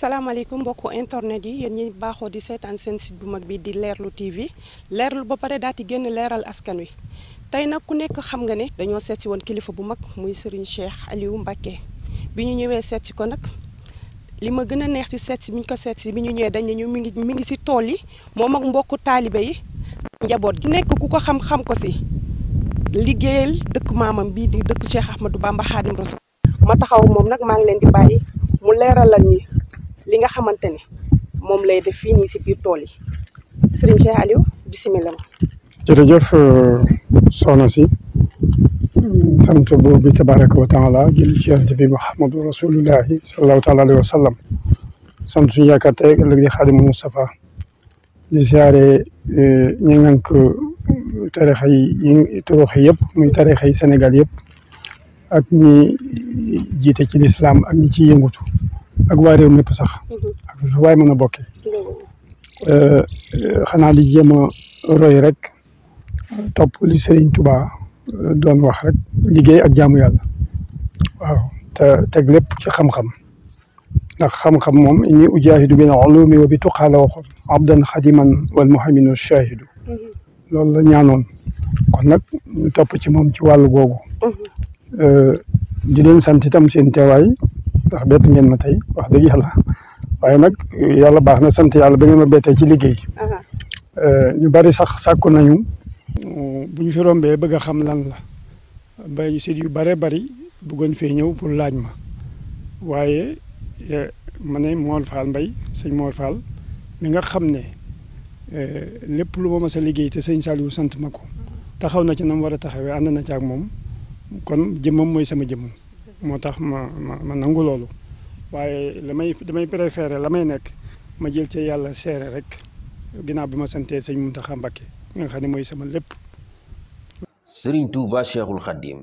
salaamaaleykum mbokku internet yi yéen ñi baaxoo di seetaan seen sit bu mag bi di leer leerlu TV leerlu ba pare daal di génn leeral askan wi tey nag ku nekk xam nga ne dañoo seet woon kilifa bu mag muy Serigne Cheikh Aliou Mbacké bi ñu ñëwee seet ko nag li ma gën a neex si seet si bi ñu ko seet bi ñu ñëwee dañ ne ñu mi ngi mi ngi si tool yi moom ak mbokku taalibe yi njaboot gi nekk ku ko xam-xam ko si liggéeyal dëkk maamam bii di dëkk Cheikh Ahmadou Bamba Khadim ma taxaw moom nag maa ngi leen di bàyyi mu leeralal ñi li nga xamante moom lay def fii nii si biir tool yi sëriñ Cheikh Aliou bisimilah. jërëjëf euh, soxna si santu buur bi tabaraka wa taala jëli ci yonent bi Muhammadu rasulullahi sallallahu taala alayhi wa sallam sant suñu yaakaar tey ëllëg di xaadimu Mustafa di siyaare euh, ñi ngànk euh, tarixa yi torox yëpp muy tarixa yi Sénégal yëpp ak ñi jiite ci lislaam ak ñi ciy yëngutu ak waa mépp sax mhm. ak waay mën a bokki mhm. euh, xanaa di roy rek topp li Serigne Touba euh, doon wax rek liggéey ak jaamu yàlla waaw te teg lépp ci xam-xam ndax xam-xam moom inni ujaahidu bil ulumi wa bi tuqaa la waxoon abdan xadiman wal muhaminu shahidu mhm. loolu ñaanoon kon nag ñu topp ci moom ci wàllu googu euh, di leen sant itam seen tewaay ndax bett ngeen ma tey wax dëgg yàlla waaye nag yàlla baax na sant yàlla ba ngeen ma bettee ci liggéey euh, ñu bari sax sàkku nañu bu ñu fi rombee bëgg a xam lan la bay sit yu bare bari bëggoon fee ñëw pour laaj ma waaye ma ne Mor Mbay sëñ Mor Fall mi nga xam ne euh, lépp lu ma mas a liggéey te sëñ Saliou sant ma ko taxaw na ci na war a taxawee ànd na ci ak moom kon jëmmam mooy sama jëmm moo tax ma ma ma nangu loolu waaye la damay préféré la may nekk ma jël ci yàlla seere rek ginnaaw bi ma santee sëñ Muntaxa Mbàkke nga xam mooy sama lépp. Sëriñ Tuuba Cheikhul Xaddim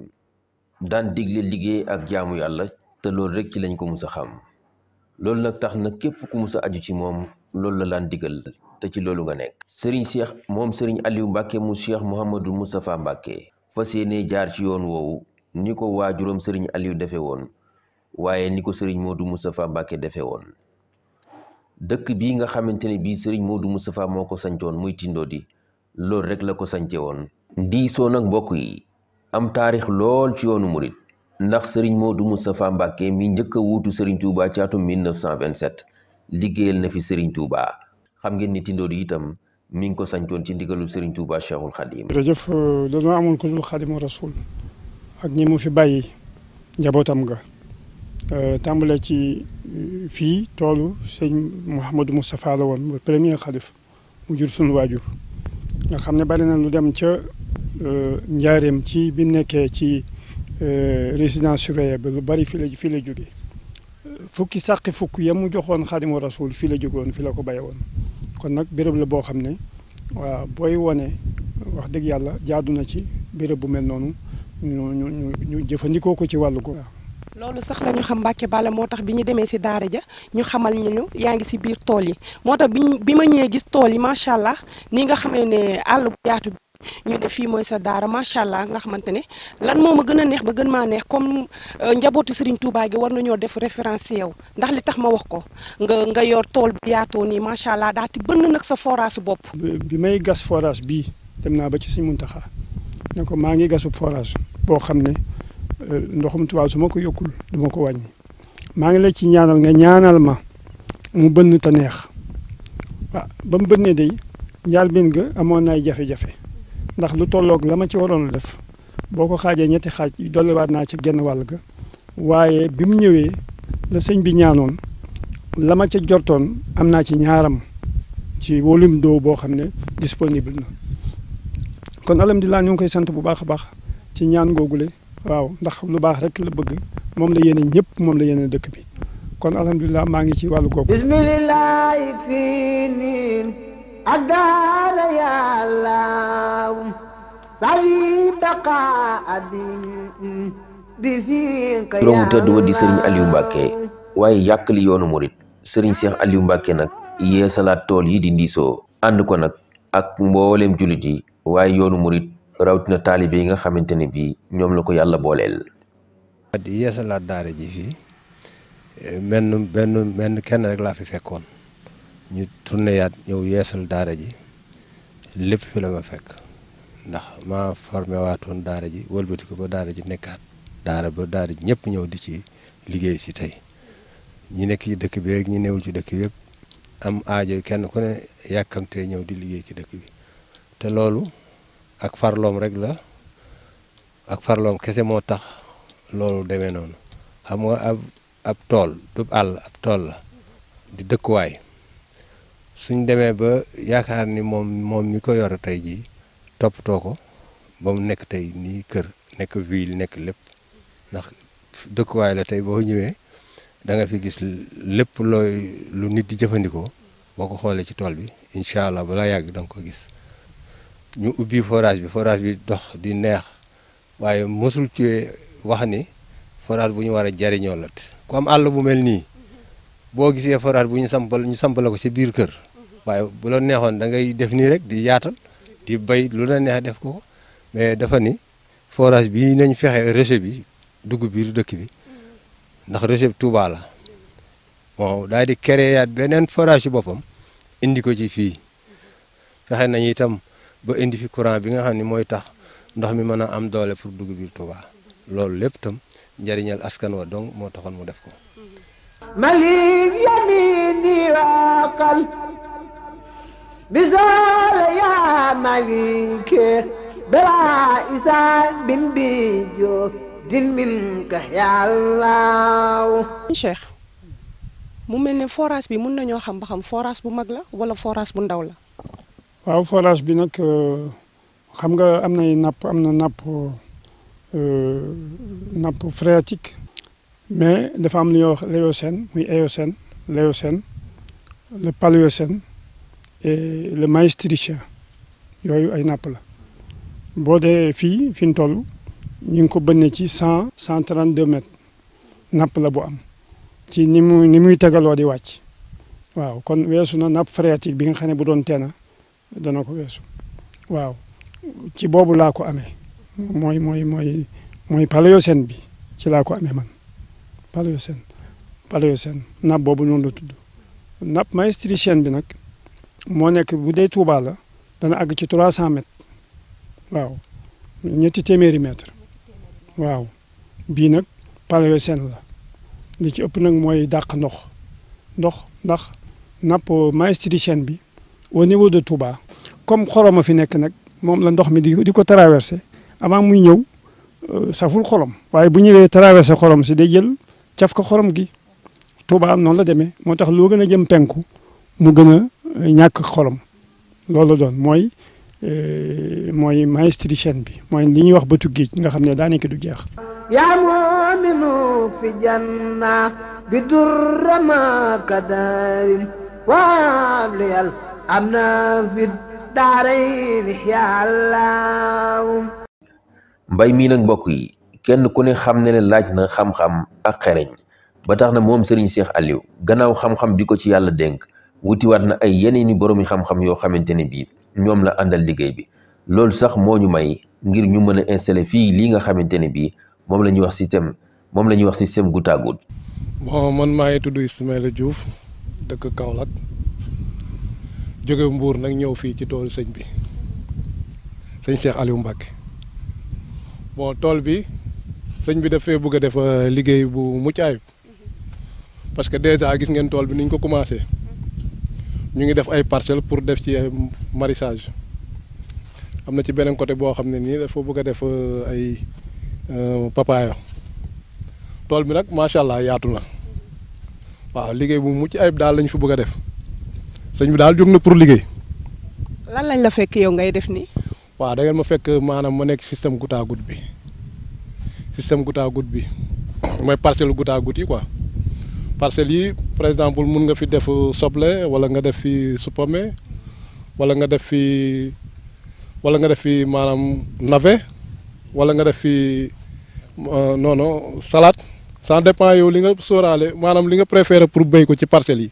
daan digle liggéey ak jaamu yàlla te loolu rek ci lañ ko mus a xam loolu nag tax na képp ku mus a aju ci moom loolu la laan digal te ci loolu nga nekk. Sëriñ Cheikh moom Sëriñ Aliou Mbàkke mu Cheikh Mouhamadul Moustapha Mbàkke fas yéene jaar ci yoon woowu. ni ko waajuram sëriñ Aliou defe woon waaye ni ko sëriñ Modou Moustapha Mbacké defe woon dëkk bii nga xamante ne bii sëriñ Modou Moustapha moo ko sancoon muy Tindodi loolu rek la ko sance woon ndiisoo nag mbokk yi am taarix lool ci yoonu murit ndax sëriñ moo Modou Moustapha Mbacké mi njëkk a wuutu sëriñ Touba ci atum 1927 liggéeyal na fi sëriñ Touba xam ngeen ni Tindodi itam mi ko sancoon ci ndigalu sëriñ Touba Cheikhul Khadim euh, dañoo amoon ko dul Khadimu Rasul ak ñi mu fi bàyyi njabootam ga euh, tàmbale ci euh, fii toolu sëñ Mouhamadou Moustapha la woon ba premier xalif mu jur sunu waajur nga xam ne bari na lu dem ca euh, njaareem ci bi mu nekkee ci résidence surveillée lu bari fii la fii la jóge fukki sàqi fukk ya mu joxoon xaadimu rasul fii la jógoon fii la ko béye woon kon nag béréb la boo xam ne waaw booy wone wax dëgg yàlla jaadu na ci béréb bu mel noonu ñu ñu ñu jëfandikoo ko ci wàllu ko loolu sax la ñu xam Mbàkke Bala moo tax bi ñu demee si daara ja ñu xamal ñu yaa ngi si biir tool yi moo tax bi bi ma ñëwee gis tool yi macha allah ni nga xamee ne àll bu yaatu bi ñu ne fii mooy sa daara macha allah nga xamante ne lan moo ma gën a neex ba gën maa neex comme euh, njabootu Serigne Touba gi war nañoo def référence yow ndax li tax ma wax ko nga nga yor tool bi yaatoo nii macha allah daal bënn nag sa forage bopp. bi may gas bii dem naa ba ci Serigne Mountakha ne ko maa ngi gasub forage boo xam ne ndoxum tubaab su ma ko yokkul du ma ko wàññi maa ngi la ci ñaanal nga ñaanal ma mu bënn te neex waaw ba mu bënnee day njaal bin ga amoon na ay jafe-jafe ndax lu tolloog la ma ci waroon a def boo ko xaajee ñetti xaaj dolliwaat naa ci genn wàll ga waaye bi mu ñëwee la sëñ bi ñaanoon la ma ca jortoon am naa ci ñaaram ci volume d'eau boo xam ne disponible na kon alhamdulilah ñu ngi koy sant bu baax a baax ci ñaan googule waaw ndax lu baax rek la bëgg moom la yéene ñëpp moom la yéene dëkk bi kon alhamdulilah maa ngi ci wàllu googu bismillahi fii niin addaala waaye yàkkali yoonu murit sëriñ Cheikh Aliou Mbacke nag yee tool yii di ndiisoo ko nag ak mbooleem jullit yi waaye yoonu murit rawatina taalibe nga xamante ne bii ñoom la ko yàlla booleel. di yeesalaat daara ji fii benn benn kenn rek laa fi fekkoon ñu tourné ñëw yeesal daara ji lépp fi la ma fekk ndax ma formé waatoon daara ji wëlbati ko ba daara ji nekkaat daara ba daara ji ñëpp ñëw di ci liggéey ci tey ñu nekk ci dëkk bi rek ñu newul ci dëkk bi yëpp am aajo kenn ku ne yàkkamtee ñëw di liggéey ci dëkk bi. te loolu ak farloom rek la ak farloom kese moo tax loolu demee noonu xam nga ab ab tool du àll ab tool la di dëkkuwaay suñ demee ba yaakaar ni moom moom ñu ko yor tey jii toppatoo ko ba mu nekk tey nii kër nekk ville nekk lépp ndax dëkkuwaay la tey boo ñëwee da nga fi gis lépp looy lu nit di jëfandikoo boo ko xoolee ci tool bi incha allah balaa yàgg da nga ko gis. ñu ubbi forage bi forage bi dox di neex waaye mosul ci wax ni forage bu ñu war a jariñoo la ku am àll bu mel nii boo gisee forage bu ñu sampal ñu sampal ko si biir kër waaye bu la neexoon dangay def nii rek di yaatal di bay lu la neex def ko mais dafa ni forage bi nañ fexe rejet bi dugg biir dëkk bi ndax rejet Touba la bon daal di créer yaat beneen forage ci boppam indi ko ci fii fexe nañ itam ba indi fi courant bi nga xam ne mooy tax ndox mi mën a am doole pour dugg biir Touba loolu lépp tam njariñal askan wa dong moo taxoon mu def ko malik mu mel ne forage bi mun nañoo xam ba xam forage bu mag la wala forage bu ndaw la waaw forage bi nag euh, xam nga am nay napp am na napp euh, napp phréatique mais dafa am lu ñuy wax l'éocène muy éocène l'éocène le paléocène et le maastrichien yooyu ay napp la boo dee fii fi ñu toll ñu ngi ko bënne ci cent cent trente deux napp la bu am ci ni mu ni muy tegaloo di wàcc waaw kon weesu na napp phréatique bi nga xam ne bu doon teena dana ko weesu waaw ci boobu laa ko ame mooy mooy mooy mooy paleyo paléocène bi ci laa ko amee man paléocène paléocène napp boobu noonu la tudd napp maastrichtienne bi nag moo nekk bu dee Touba la dana àgg ci trois cent mètres waaw ñetti téeméeri mètres waaw bii nag paléocène la li ci ëpp nag mooy dàq ndox ndox ndax napp maastrichtienne bi au niveau de Touba comme xorom a fi nekk nag moom la ndox mi di di ko traversé avant muy ñëw saful xorom waaye bu ñëwee traversé xorom si day jël caf ko xorom gi Touba am noonu la demee moo tax loo gën a jëm penku mu gën a ñàkk xorom loolu la doon mooy mooy maestri chaîne bi mooy li ñuy wax bëtu géej nga xam ne daanaka du jeex ya mu'minu fi janna bi durrama kadarin wa liyal am na fi daarayni yaa mbay mii nag mbokk yi kenn ku ne xam ne laaj na xam-xam ak xereñ ba tax na moom Serigne seex Aliou gannaaw xam-xam bi ko ci yàlla dénk wutiwaat na ay yeneen i boroomi xam-xam yoo xamante ne bii ñoom la àndal liggéey bi loolu sax moo ñu may ngir ñu mën a installé fii lii nga xamante ne bii moom la ñuy wax système moom la ñuy wax système goutte à goutte. man maa ngi tudd Ismaïla Diouf dëkk Kaolack. jóge mbuur nag ñëw fii ci toolu sëñ bi sëñ Cheikh Aliou Mbacke bon tool bi sëñ bi dafee bugg a def euh, liggéey bu mucc ayib parce que déjà gis ngeen tool bi ni ñu ko commencé ñu ngi def ay parcelles pour def ci ay euh, maraîchage am na ci beneen côté boo xam ne nii dafa bëgg a def euh, ay papaaya tool bi nag macha allah yaatu na waaw liggéey bu mucc ayib daal lañ fi bëgg a def. sëñ bi daal jóg ne pour liggéey. lan lañ la fekk yow ngay def nii. waaw da ngeen ma fekk maanaam ma nekk système goutte à goutte bi système goutte à bi mooy parcelle goutte à goutte yi quoi parcelles yi par exemple mun nga fi def euh, soble wala nga def fi supame wala nga def fi wala nga def fi maanaam navet wala nga def fi euh, non non salade ça dépend yow li nga sóoraale maanaam li nga préféré pour béy ko ci parcelles yi.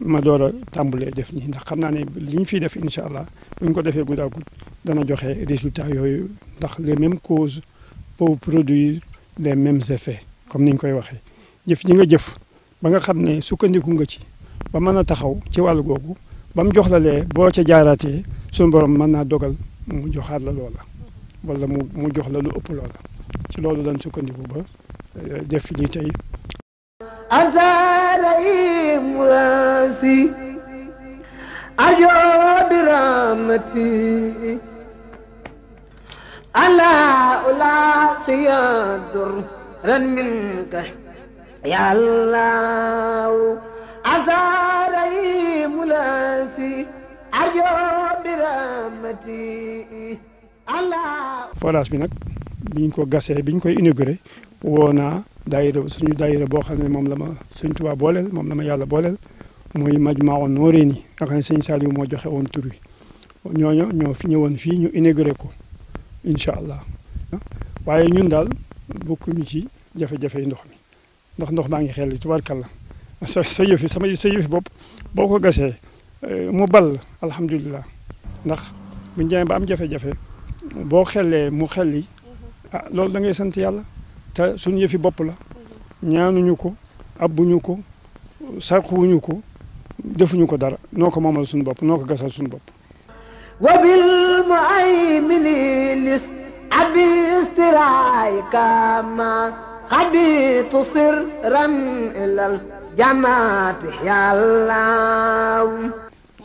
ma door a tàmbalee def nii ndax xam naa ne li ñu fiy def incha allah bu ñu ko defee guddaa gudd dana joxe résultat yooyu ndax les mêmes causes peuvent produire les même effets comme ni ñu koy waxee jëf ji nga jëf ba nga xam ne sukkandiku nga ci ba mën a taxaw ci wàllu googu ba mu jox la lee boo ca jaaraatee suñu borom mën naa dogal mu joxaat la loola wala mu mu jox la lu ëpp loola ci loolu lañ sukkandiku ba euh, def lii tey أثاري مراسي أجو برامتي ألا ألاقي درا منك يا الله أثاري مراسي أجو برامتي ألا فراش منك بين كو غاسي بين كو انوغري ونا daayira suñu daayira boo xam ne moom la ma sëñ Tuubaa booleel moom la ma yàlla booleel muy Majmahun Nurayni nga xam ne sëñ moo joxe woon tur wi ñooñu ñoo fi ñëwoon fii ñu inauguré ko incha allah waaye ñun daal bokkuñu ci jafe-jafe yi ndox mi ndax ndox maa ngi xel tubaarkàlla sa sa yëfi sama sa yëfi bopp boo ko gasee eh, mu ball alhamdulilah ndax buñ demee ba am jafe-jafe boo xellee mu xelli ah loolu dangay ngay sant yàlla te suñu yëfi bopp la ñaanuñu ko abbuñu ko sarxuwuñu ko defuñu ko dara noo ko moomal suñu bopp noo ko gasal suñu bopp wabil muaymini lis abistiraay kama xabitu sirran ilal jamaati yàllaaw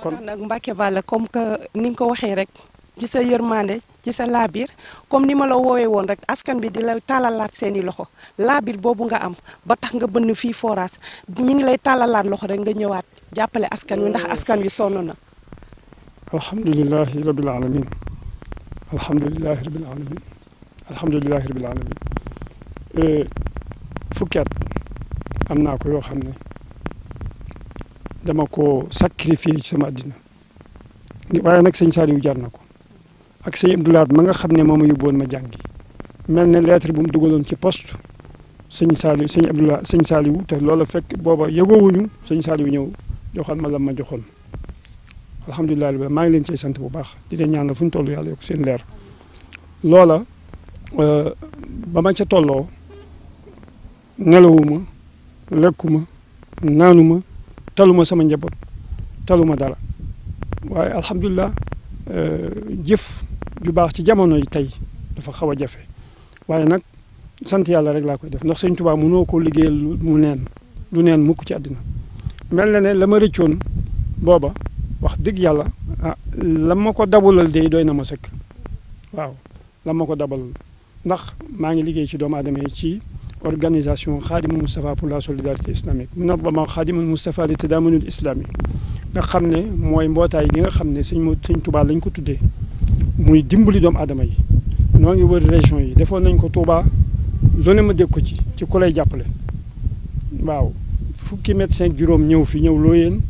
kon nag Mbacke Balla comme que ni nga ko waxee rek ci sa yërmande ci sa labir comme ni ma la wowe won rek askan bi di la seni seeni loxo labir bobu nga am ba tax nga bënn fii forage ñi ngi lay talalat loxo rek nga ñëwaat jappalé askan wi ndax askan wi sonu na alhamdulilahi rabbil alamin alhamdulilahi rabbil alamin alhamdulilahi rabbil alamin euh fukkat am ko yo xamne dama ko sacrifier ci sama Saliou ak sëñ Abdou Lahad ma nga xam ne moom a yóbbuwoon ma jàngi mel na lettre bu mu dugaloon ci poste sëñ Saliou sëñ Abdou Lahad sëñ Saliou te loola fekk booba yëgoowuñu sëñ Saliou ñëw joxal ma la ma joxoon alhamdulilah maa ngi leen cey sant bu baax di leen ñaan la fu ñu toll yàlla yokk seen leer loola euh, ba ma ca tolloo nelawuma lekkuma naanuma taluma sama njaboot taluma dala waaye alhamdulilah euh, jëf ju baax ci jamono yi tey dafa xaw a jafe waaye nag sant yàlla rek laa koy def ndax sëñ tubaa munoo koo liggéeyal mu neen lu neen mukk ci àddina mel na ne la ma rëccoon booba wax dëgg yàlla ah la ma ko dabalal de dooy na ma sëkk waaw la ma ko dabalal ndax maa ngi liggéey ci doomu aadama yi ci organisation xaadimu Moustapha pour la solidarité islamique munazama xaadimul Moustapha li tadaamunul islami nga xam ne mooy mbootaay gi nga xam ne sëñ sëñ Tuubaa lañ ko tuddee muy dimbali doomu aadama yi noo ngi wër région yi defoon nañ ko Touba lu ma dégg ko ci ci ku lay jàppale waaw fukki médecin juróom ñëw fi ñëw loo yéen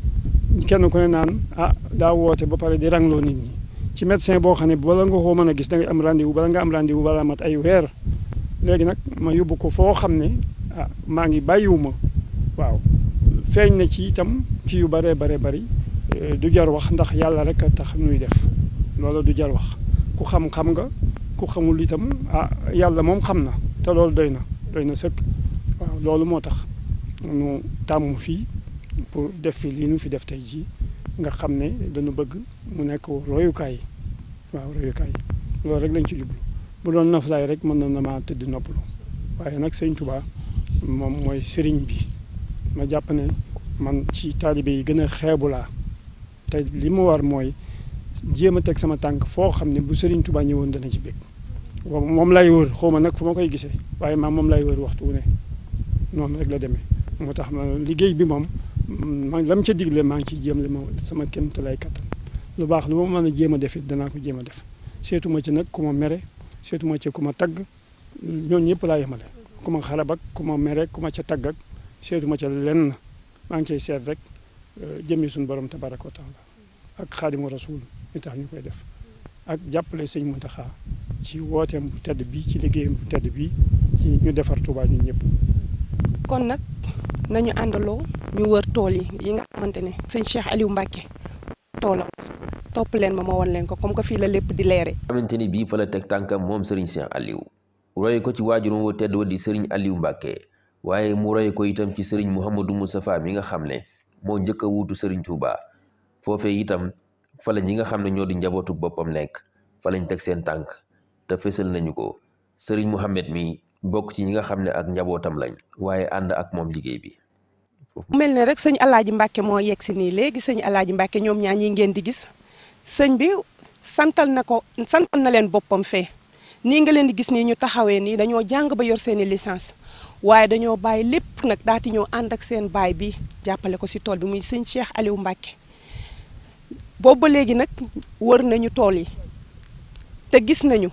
kenn ku ne naan ah daa woote ba pare di rangloo nit ñi ci médecin boo xam ne bala nga koo mën a gis da ngay am rendez bala nga am rendez-vous balaa mat ay weer léegi nag ma yóbbu ko foo xam ne ah maa ngi bàyyiwu ma waaw feeñ na ci itam ci yu bare bare bari eh, du jar wax ndax yàlla rek a tax nuy def loola du jar wax ku xam xam nga ku xamul itam ah yàlla moom xam na te loolu doy na doy na sëkk waaw loolu moo tax nu tàmm fii pour def fii lii nu fi def tey jii nga xam ne dañu bëgg mu nekk royukaay waaw royukaay loolu rek lañ ci jublu bu doon naflaay rek mën na na maa tëdd noppalu waaye nag sëñ Tuubaa moom mooy sëriñ bi ma jàpp ne man ci taalibe yi gën a xeebu laa te li mu war mooy jéem a teg sama tànk foo xam ne bu Serigne Touba ñëwoon dana ci bég moom lay wër xaw ma nag fu ma koy gisee waaye maam moom lay wër waxtu wu ne noonu rek la demee moo tax ma liggéey bi moom mm, ma la ca digle maa ngi ciy jéem li ma sama kenn te lay kattan lu baax lu ma mën a jéem a def it danaa ko jéem a def seetuma ci nag ku ma mere seetuma ci ku ma tagg ñooñ ñëpp laa yemale ku ma xarab ak ku ma mere ku ma ca tagg ak seetuma ca lenn maa ngi cay seet rek euh, jëmmi suñu borom tabaraka wa taala ak xaadimu rasul li tax ñu koy def ak jàppale sëñ Muntaxa ci wooteem bu tedd bi ci liggéeyam bu tedd bi ñu defar Touba ñun ñëpp. kon nag nañu àndaloo ñu wër tool yi yi nga xamante ne sëñ Cheikh Aliou Mbacke toolam topp leen ma ma won leen ko comme que fii la lépp leere. xamante ni bii fa la teg moom Serigne Cheikh Aliou roye ko ci waajuram wu tedd wa di Serigne Aliou Mbacke waaye mu roye ko itam ci Serigne Mouhamadou Moustapha mi nga xam ne moo njëkk a sëriñ Serigne Touba foofee itam. fa ñi nga xam ne ñoo di njabootu boppam nekk fa lañ teg seen tànk te fësal nañu ko sëriñ Mouhamed mi bokk ci ñi nga xam ne ak njabootam lañ waaye ànd ak moom liggéey bi. mu mel ne rek sëñ Alaaji Mbàkke moo yegg si nii léegi sëñ Alaaji Mbàkke ñoom ñaa ñi ngeen di gis sëñ bi santal na ko santal na leen boppam fee nii nga leen di gis nii ñu taxawee nii dañoo jàng ba yor seeni licence waaye dañoo bàyyi lépp nag daati ñoo ànd ak seen baay bi jàppale ko si tool bi muy sëñ Cheikh Aliou Mbàkke boobu ba léegi nag wër nañu tool yi te gis nañu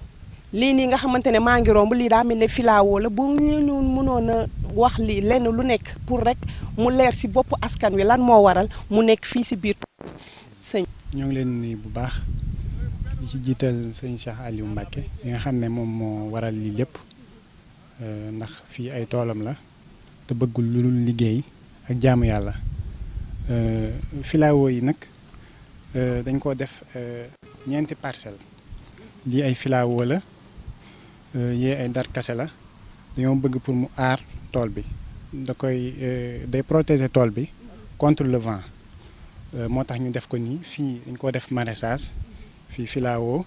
lii nii nga xamante ne maa ngi romb lii daa mel ne filawoo la bu ñu mënoon a wax lii lenn lu nekk pour rek mu leer si bopp askan wi lan moo waral mu nekk fii si biir tool sëñ ñoo ngi leen nii bu baax di ci jiital sëñ Cheikh Aliou Mbacke li nga xam ne moom moo waral lii lépp euh, ndax fii ay toolam la te bëggul lu liggéey ak jaamu yàlla euh, filawoo yi nag. Eh, dañ ko def eh, ñeenti parcelle li ay filawo la eh, ye ay dar kasse la dañoo bëgg pour mu aar tool bi da koy day protéger tool bi contre le vent moo tax ñu def ko nii fii dañ ko def maraîchage fii filawo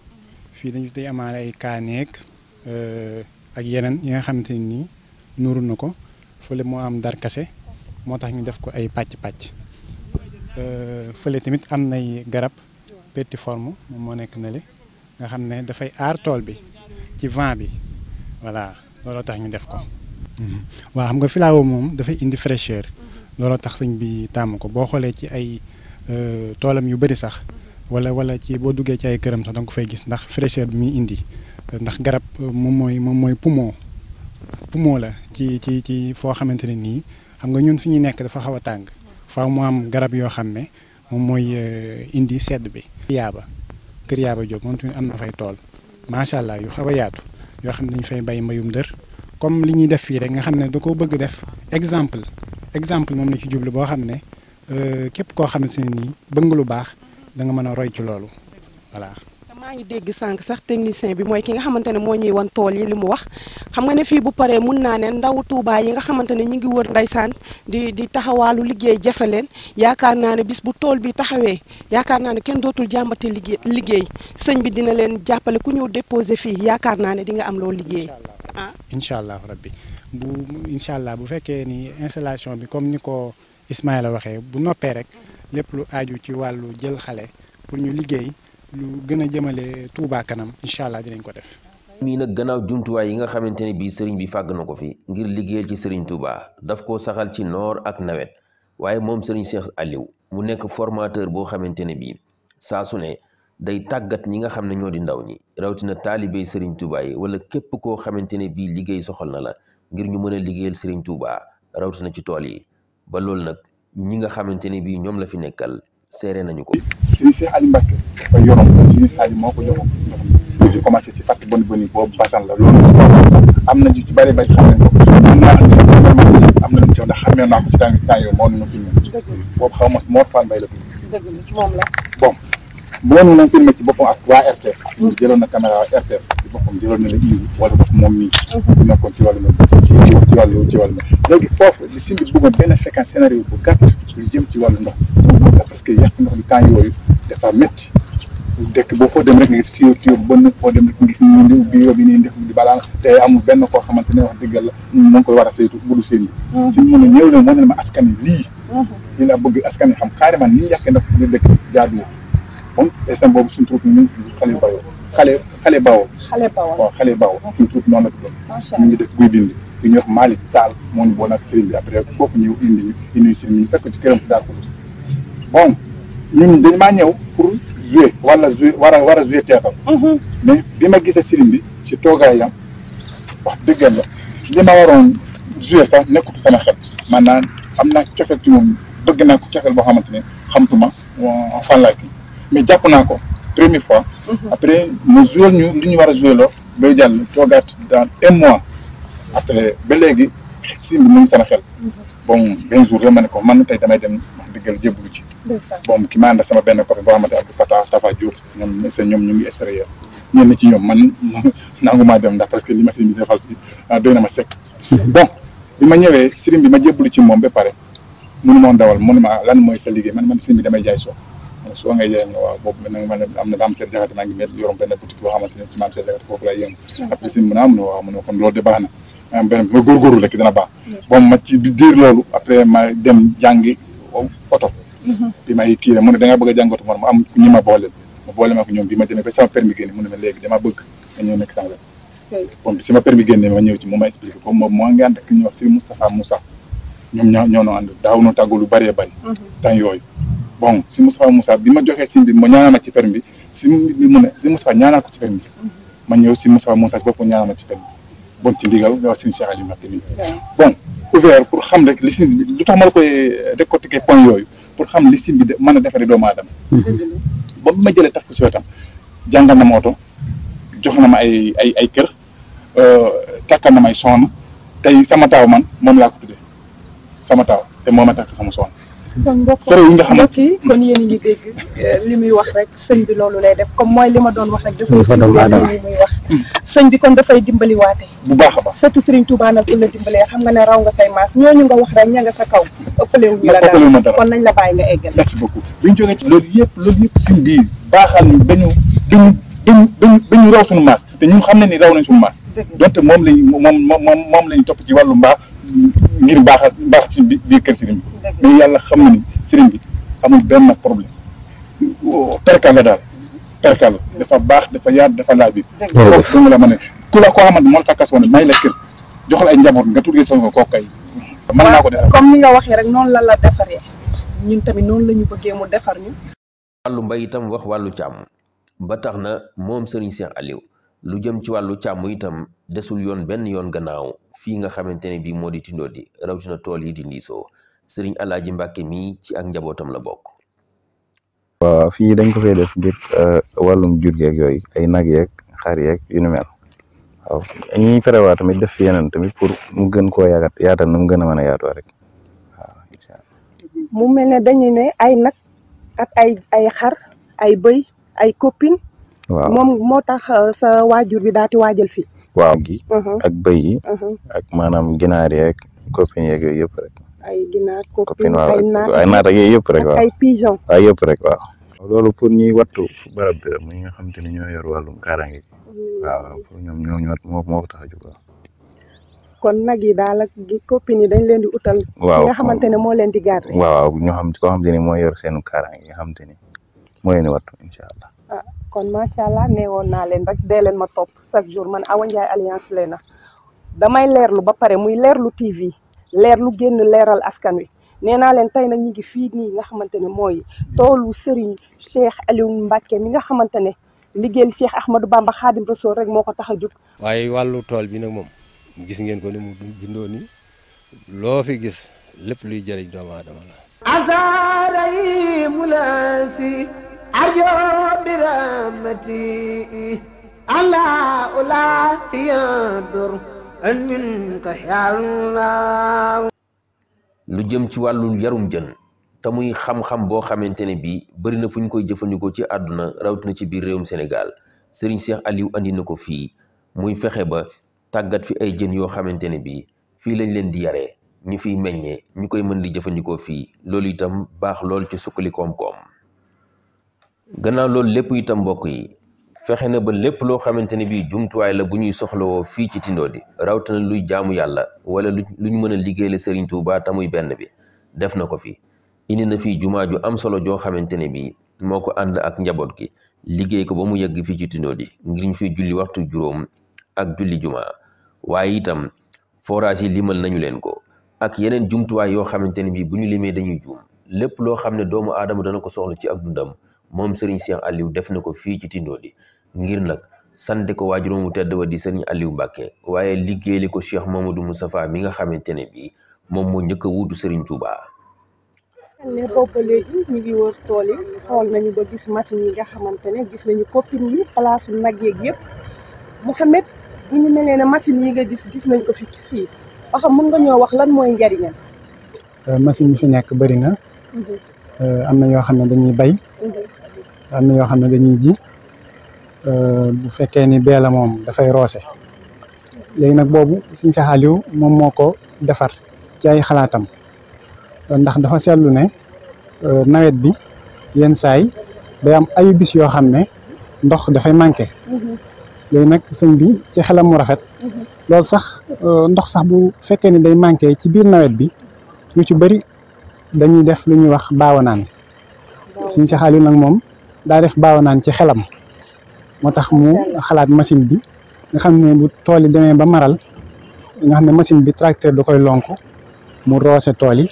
fii dañu day amaale ay kaaneeg ak yeneen yi nga xamante ni nuru nuuru na ko fële moo am darkase moo tax ñu def ko ay pàcc-pàcc fële tamit am nay garab petit forme moo mo nek nele nga xamne da fay ar tol bi ci vent bi voilà lolo tax ñu def ko. wa xam nga filawo mom da fay indi fraîcheur lolo tax sëñ bi tam ko bo xolé ci ay euh tolam yu bari sax wala wala ci bo duggé ci ay kërëm sax da nga fay gis ndax fraîcheur bi mi indi ndax garab mom moy mom moy poumon poumon la ci ci ci fo xamanteni ni xam nga ñun fi ñuy nekk dafa xawa tàng. faaw mu am garab yoo xam ne moom mooy euh, indi sedd bi. yaaba kër yaaba jóg moom tamit am na fay tool macha allah yu xaw a yaatu yoo xam ne dañu fay bay mbayum dër comme li ñuy def fii rek nga xam ne da koo bëgg def exemple exemple moom la ci jublu boo xam ne euh, képp koo xamante ne nii bëgg lu baax da nga mën a roy ci loolu voilà. maa ngi dégg sànq sax technicien bi mooy ki nga xamante ne moo ñuy wan tool yi li mu wax xam nga ne fii bu paree mun naa ne ndaw Touba yi nga xamante ne ñu ngi wër ndeysaan di di taxawaalu liggéey jafe leen yaakaar naa ne bis bu tool bi taxawee yaakaar naa ne kenn dootul jàmbate liggéey liggéey sëñ bi dina leen jàppale ku ñëw déposé fii yaakaar naa ne di nga am loo liggéey ah incha allah rabbi bu incha allah bu fekkee ni installation bi comme ni ko Ismaïla waxee bu noppee rek lépp lu aaju ci wàllu jël xale pour liggéey lu gën a jëmale Touba kanam incha allah dinañ ko def. mii nag gannaaw jumtuwaay yi nga xamante ne bii sëriñ bi fàgg na ko fi ngir liggéeyal ci sëriñ Touba daf ko saxal ci noor ak nawet waaye moom sëriñ Cheikh Aliou mu nekk formateur boo xamante ne bii saa su ne day tàggat ñi nga xam ne ñoo di ndaw ñi rawatina taalibe sëriñ Touba yi wala képp koo xamante ne bii liggéey soxal na la ngir ñu mën a liggéeyal sëriñ Touba rawatina ci tool yi ba loolu nag ñi nga xamante ne bii ñoom la fi nekkal. seere nañu ko. si Cheikh Aliou Mbacké ba yoroon si Sadio moo ko joxoon ci commencé ci fàtt bon boni boobu basan la loolu am na ñu ci bëri bëri xam nañ ko mën naa na ndax xamee ci temps temps moo nu ma xaw ma Mor Fane Mbaye la tudd bon moo nu ma ci boppam ak waa RTS jëloon na caméra waa RTS ci jëloon na la indi moom nii bu mhm. ci wàllu ma ci wàllu ci wàllu ma léegi foofu li simbi bëggoon benn séquence scénario bu gàtt lu jëm ci wàllu ndox mhm. parce que yàq ndox bi temps yooyu dafa métti dëkk boo foo dem rek nga gis fii tuyoo bu foo dem rek nga gis ñun di bii nii di balaan te amul benn koo xamante ne wax dëggal la koy war a saytu bu dul seen yi. suñ mën a ñëw leen bëgg askan wi xam carrément ni ñu yàqee ndox bi dëkk jaaduwul bon instant boobu suñu trop ñu xale bayoo xale xale bawoo. xale bawoo waaw xale bawoo suñu trop noonu la ko doon. ñu ngi def guy bind. ki ñuy wax Malick Tall si bon ñun dañ maa ñëw pour jouer wala jouer war a war a jouer théâtre mhm. mais bi ma gisee sëriñ bi ci toogaayam wax dëgg la li ma waroon jouer sax nekkut sama xel maanaam am naa cofeel ci moom bëgg naa ko cofeel boo xamante ne xamtuma fan laa kii mais jàpp naa ko première fois mhm. après mu jouer ñu li ñu war a jouer loo bay jàll toogaat dans un mois après ba léegi sëriñ bi mu xel bon benn jour la ma ko man tey damay dem wax dëggal jébbalu ci. bon ki ma ànd sama benn copain boo xamante Abdou Fatah Tafa que li ma bi ah, ma sekk. bon bi ma ñëwee sëriñ bi ma jébbalu ci moom ba pare mënu ma dawal mënu ma lan mooy sa liggéey man man sëriñ damay jaay soo. soo ngay nga waaw am na maam seen jaxate maa ne ci maam seen laay yëngu. après sëriñ bi mu ah, waaw mu ne kon loolu de baax na am benn nga góorgóorlu rek dina baax. bon ma ci diir mm-hmm. kii rek mu ne da ngaa bëgg a jàng ma am ñi ma booleel ma boole ma ko ñoom ma demee ba sama permis génne mu ne ma léegi dama bëgg nga ñëw nekk sama wet. bon si ma permis génne ma ñëw ci ma expliqué ko moom moo ngi ànd ak si Moustapha Moussa ñoom ñoo ñoo noo ànd daaw noo tàggoo lu bëree bëri. Mm-hmm. yooyu bon si Moustapha Moussa bi ma joxee sim bi ma ñaanal ma ci permis bi mu ne si Moustapha ñaanal ci permis mm-hmm. ma ñëw si Moustapha Moussa ci boppam ñaanal ma ci permis bon ci ndigal nga wax Serigne Cheikh Aliou Mbacké mi bon ouvert pour xam rek li si lu tax ma la koy euh, décortiquer point yooyu pour xam li Serigne bi mën a defaree doomu aadama ba ma jëlee taf ko si wetam jàngal na mooto jox na ma ay ay ay kër euh, takkal na may soxna tey sama taaw man moom laa ko tuddee sama taaw te moo ma takk sama soxna kon mbokk yi nga xam mbokk yi kon yéen a ngi dégg euh, li muy wax rek sëñ bi loolu lay def comme mooy li ma doon wax rek. dafa doon li muy wax. sëñ bi kon dafay dimbali waate bu baax a baax surtout Serigne Touba nag la dimbalee xam nga ne raw nga say maas ñooñu nga wax rek ña nga sa kaw. ëppale wu ñu la dara kon nañ la bàyyi nga eggal. merci beaucoup bu ñu jógee ci loolu yëpp loolu yëpp suñ biir baaxal ñu ba ñu dañu dañu dañu raw suñu maas te ñun xam ne ni raw nañ suñu maas. donte moom lañ moom moom moom lañ topp ci wàllu mbaax ngir baax baax ci biir kër sëriñ bi mais yàlla xam na ni sëriñ bi amul benn problème perkal la daal perkal la dafa baax dafa yaat dafa laa biir foofu nga la mën a ku la koo xamante moo la takkas woon may la kër jox la ay njaboot nga turge sa ko kooku kay mën naa ko defar comme ni nga waxee rek noonu la la defaree ñun tamit noonu lañu ñu bëggee mu defar ñu wàllu mbay itam wax wàllu càmm ba tax na moom sëriñ Cheikh Aliou lu jëm ci wàllu càmm itam desul yoon benn yoon gannaaw fii nga xamante ne bii moo di tindoo di rawatina tool yi di ndiisoo sëriñ Alaaji Mbàkke mii ci ak njabootam la bokk. fi fii dañ ko fay def uh, wàllum jur yeeg yooyu ay nag yek xar yek yu ni mel waaw ñuy prévoir tamit def yeneen tamit pour mu gën koo yaagat yaatal na mu gën a mën a yaatoo rek mu mel ne dañu ne ay nag ak ay xar ay bëy ay copine waaw moom moo tax euh, sa waajur bi daal di waajal fii. waaw gi uh-huh. ak yi. Uh-huh. ak maanaam ginaar yeeg copine yeeg yooyu yëpp rek. ay ginaar copine naat ay naat ak yooyu yëpp rek waaw ay pigeon. yëpp rek waaw. loolu pour ñuy wattu barab bi la muy nga xam te ne ñoo yor wàllum kaaraange. Mm. waaw pour ñoom ñoo ñu wat moo moo kon nag yi daal ak copine yi dañ leen di waaw nga xamante ne moo leen di garder. waaw ñoo xam koo xam te moo yor seenu kaaraange nga xam te ne moo leen wattu incha allah. Ah. kon macha allah neewoon naa leen rek dee leen ma topp chaque jour man Awa Ndiaye Alliance Leena damay leerlu ba pare muy leerlu TV leerlu génn leeral askan wi nee naa leen tey nag ñu ngi fii nii nga xamante ne mooy toolu Serigne Cheikh Aliou Mbacké mi nga xamante ne liggéeyal Cheikh Ahmadou Bamba Khadim Rassoul rek moo ko tax a jóg. waaye wàllu tool bi nag moom gis ngeen ko ni mu bindoo nii loo fi gis lépp luy jëriñ doomu aadama la. أرجو برحمتي ألا أولا ينظر منك يا الله lu jëm ci wàllu yarum jën te muy xam-xam boo xamante ne bii bëri na fu ñu koy jëfandikoo ci àdduna rawatina ci biir réewum senegal Serigne Cheikh Aliou andi na ko fii muy fexe ba tàggat fi ay jën yoo xamante ne bii fii lañ leen di yaree ñu fiy meññee ñu koy mën di jëfandikoo fii loolu itam baax lool ci sukkali koom-koom. gannaaw loolu lépp itam mbokk yi fexe na ba lépp loo xamante ni bii jumtuwaay la bu ñuy soxlawoo fii ci Tindodi rawatina luy jaamu yàlla wala lu lu ñu mën a liggéeyal Serigne Touba tamuy benn bi def na ko fi indi na fii jumaa ju am solo joo xamante ne bii moo ko ànd ak njaboot gi liggéey ko ba mu yegg fii ci Tindodi ngir ñu fi julli waxtu juróom ak julli jumaa waaye itam forage yi limal nañu leen ko ak yeneen jumtuwaay yoo xamante ne bii bu ñu limee dañuy juum lépp loo xam ne doomu aadama dana ko soxla ci ak dundam. mom serigne Cheikh Aliou def nako fi ci tindo Tindodi ngir nak sante ko wajuro mu tedd wa di serigne Aliou mbake waye liggeeli ko Cheikh Mamadou Moustapha mi nga xamantene bi mom mo moo wuutu serigne Touba. ne boobu léegi ñu ngi wër tool yi xool nañu ba gis match yi nga xamantene gis nañu copine yi place nag yeeg mohammed bu ñu melé na match yi nga gis gis nañ ko fi fi waxa mën nga ñoo wax lan mooy euh machine fi ñak bari na mhm. euh amna yoo xamne dañuy bay mhm. am na yoo xam ne dañuy ji euh, bu fekkee ni bee la moom dafay roose léegi nag boobu Sëriñ Seex Aliou moom moo ko defar ci ay xalaatam ndax dafa seetlu ne euh, nawet bi yenn saay day am ayu bis yoo xam ne ndox dafay manqué léegi nag sëñ bi ci xelam mu rafet loolu sax euh, ndox sax bu fekkee ni day manqué ci biir nawet bi yu ci bëri dañuy def lu ñuy wax baawanaan Sëriñ Seex Aliou nag moom daa def baaw naan ci xelam moo tax mu xalaat machine bi nga xam ne bu tool yi demee ba maral nga xam ne machine bi tracteur da koy lonk mu roose tool yi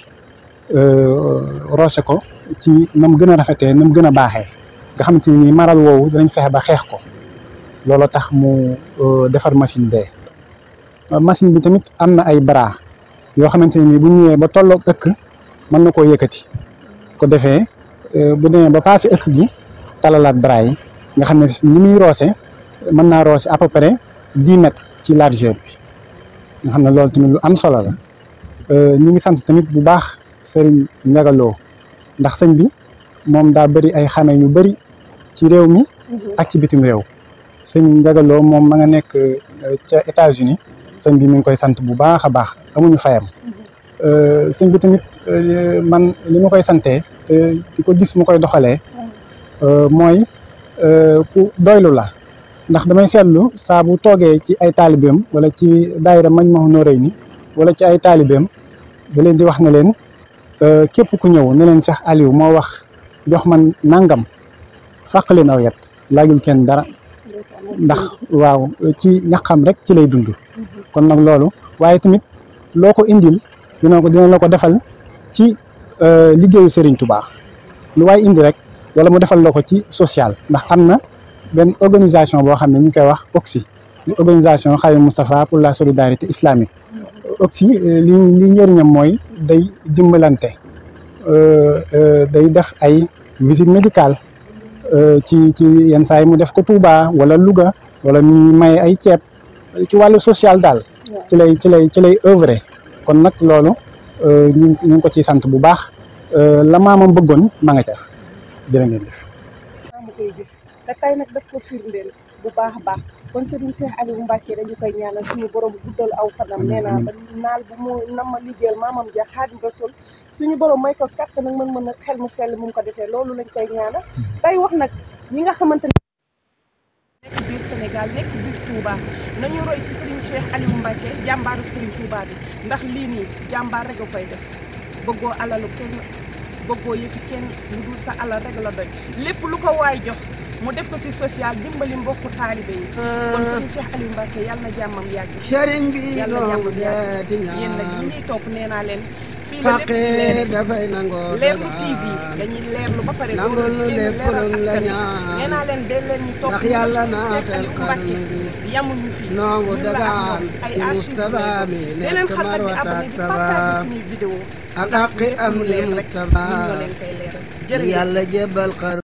roose ko ci nam gën a rafetee nam gën a baaxee nga xam ci ni maral woowu dinañ fexe ba xeex ko loolu tax mu defar machine bee machine bi tamit am na ay bras yoo xamante ni bu ñëwee ba tolloog ëkk mën na koo yëkkati ko defee bu demee ba paase ëkk gi talalaat dry nga xam ni muy rosé man na rosé à peu près 10 mètres ci largeur bi nga xam ne tamit lu am solo la euh ñi ngi sant tamit bu baax sëriñ ñagalo ndax sëñ bi mom da bari ay xamé ñu bari ci réew mi mhm. ak ci bitim réew sëñ ñagalo mom ma nga nek euh, ci États-Unis sëñ bi mi ngi koy sant bu baax a baax amuñu fayam mhm. euh, sëñ bi tamit euh, man li ma koy santee te diko gis mu koy doxale Euh, mooy euh, ku doylu la ndax damay seetlu saa bu toogee ci ay taalibeem wala ci daayira mañ ma nooree ni wala ci ay taalibeem da leen di wax ne leen euh, képp ku ñëw neleen leen Cheikh moo wax jox man nàngam fàq leen aw yet laajul kenn dara ndax waaw ci ñaqam rek ci lay dund. kon nag loolu waaye tamit loo ko indil dina ko dina la ko defal ci liggéeyu Serigne Touba lu waay indi rek. wala mu defal loo ko ci sociale ndax am na benn organisation boo xam ne ñu koy wax OXI organisation Xawi Moustapha pour la solidarité islamique OXI euh, li li njëriñam mooy day dimbalante euh, euh, day def ay visite médicale ci ci yenn saa mu def ko Touba wala Louga wala muy may ay ceeb ci wàllu social daal ci lay ci lay ci lay œuvrer kon nag loolu ñu ngi ko ci sant bu baax la maamam bëggoon ma nga ca jërë ngeen jëf. mu koy gis te tey nag daf ko firndeel bu baax a baax kon Serigne Cheikh Aliou Mbacké dañu koy ñaanal suñu borom guddal aw fanam nee naa ba naal bu mu nama liggéeyal maamam ja Xaadim Rasul suñu borom may ko kàtt nag mën mën a xel mu sell mu ko defee loolu lañ koy ñaanal tey wax nag ñi nga xamante ne nekk biir Sénégal nekk biir Touba nañu roy ci Serigne Cheikh Aliou Mbacké jàmbaaru Serigne Touba bi ndax lii nii jàmbaar rek a koy def bëggoo yëfi kenn lu dul sa alal rek la doy lépp lu ko waay jox mu def ko si social dimbali mbokku taalibe yi. kon sëriñ Cheikh Aliou Mbacke yàlla na jàmmam yàgg. sëriñ bi yàlla na jàmmam yàgg yéen nag ñi ñuy topp nee naa leen. fii la lépp leer dafay nangoo Leerlu TV dañuy leerlu ba pare. nangoo lu leeral askan wi nee naa leen de leen ñu topp. ndax yàlla naatal xar bi yamuñu fi. nongu dagaan ay archives yu bëri leen xamal bi abonné bi partagé suñuy vidéo. ak àqi am li mu tabaar yàlla jébal xar